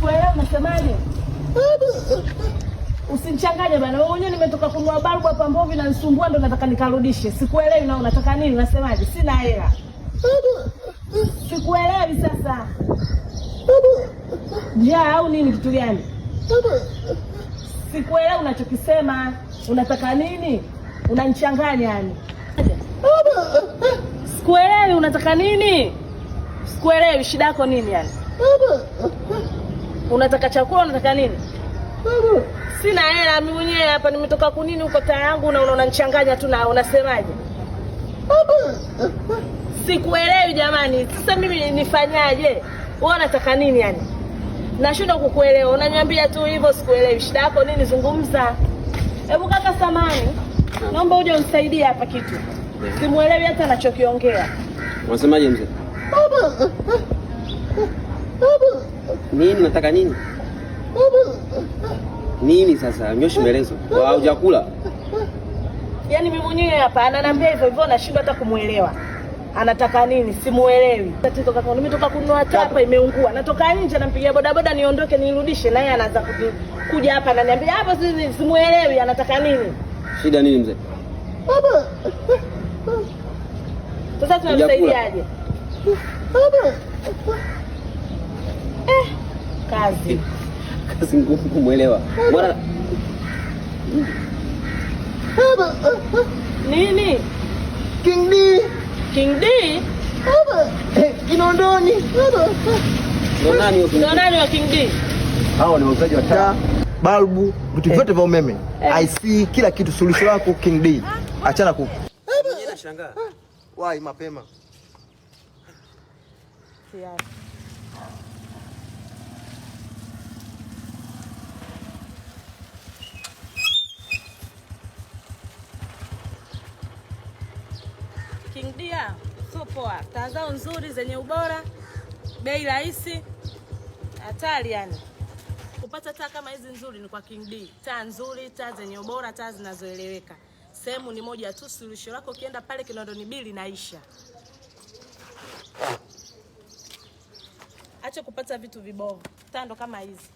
Sikuelewa unasemaje? Usinichanganye bana. Wewe mwenyewe nimetoka kununua balbu hapa ambao vinanisumbua ndo nataka nikarudishe. Sikuelewi na unataka nini? Unasemaje? Sina hela. Sikuelewi sasa. Njaa au nini kitu gani? Sikuelewa unachokisema. Unataka nini? Unanichanganya yani. Sikuelewi unataka nini? Sikuelewi shida yako nini yani? Unataka chakula, unataka nini? Sina hela mimi mwenyewe hapa, nimetoka kunini huko taa yangu, na unaona nichanganya tu, na unasemaje? Sikuelewi jamani, sasa mimi nifanyaje? Wewe unataka nini yani? Nashindwa kukuelewa, unaniambia tu hivyo, sikuelewi. Shida yako nini? Zungumza. Hebu kaka samani, naomba uje unisaidie hapa kitu, simuelewi hata anachokiongea. Unasemaje mzee? Nini nataka nini? Nini sasa? Nyoshi maelezo. Wa hujakula? Yaani mimi mwenyewe hapa ananiambia hivyo hivyo nashindwa hata kumuelewa. Anataka nini? Simuelewi. Tatizo kaka, mimi toka kununua chapa imeungua. Natoka nje nampigia bodaboda niondoke nirudishe naye anaanza kuja hapa ananiambia hapo simuelewi anataka nini? Shida nini mzee? Baba. Sasa tunamsaidiaje? Baba. Eh kazi kazi ngumu kumwelewa bwana uh, uh. nini King D King D Baba, eh. Kinondoni Baba. Uh. Kinondoni wa King D wa King D? hao ni wauzaji wa taa balbu vitu eh. vyote vya umeme eh. I see kila kitu suluhisho lako King D achana kuku nashangaa wai mapema King Deer so poa, taa zao nzuri zenye ubora, bei rahisi, hatari yani. Kupata taa kama hizi nzuri ni kwa King D, Taa nzuri, taa zenye ubora, taa zinazoeleweka. Sehemu ni moja tu, suluhisho lako ukienda pale Kinondoni bili naisha. Acha kupata vitu vibovu, taa ndo kama hizi.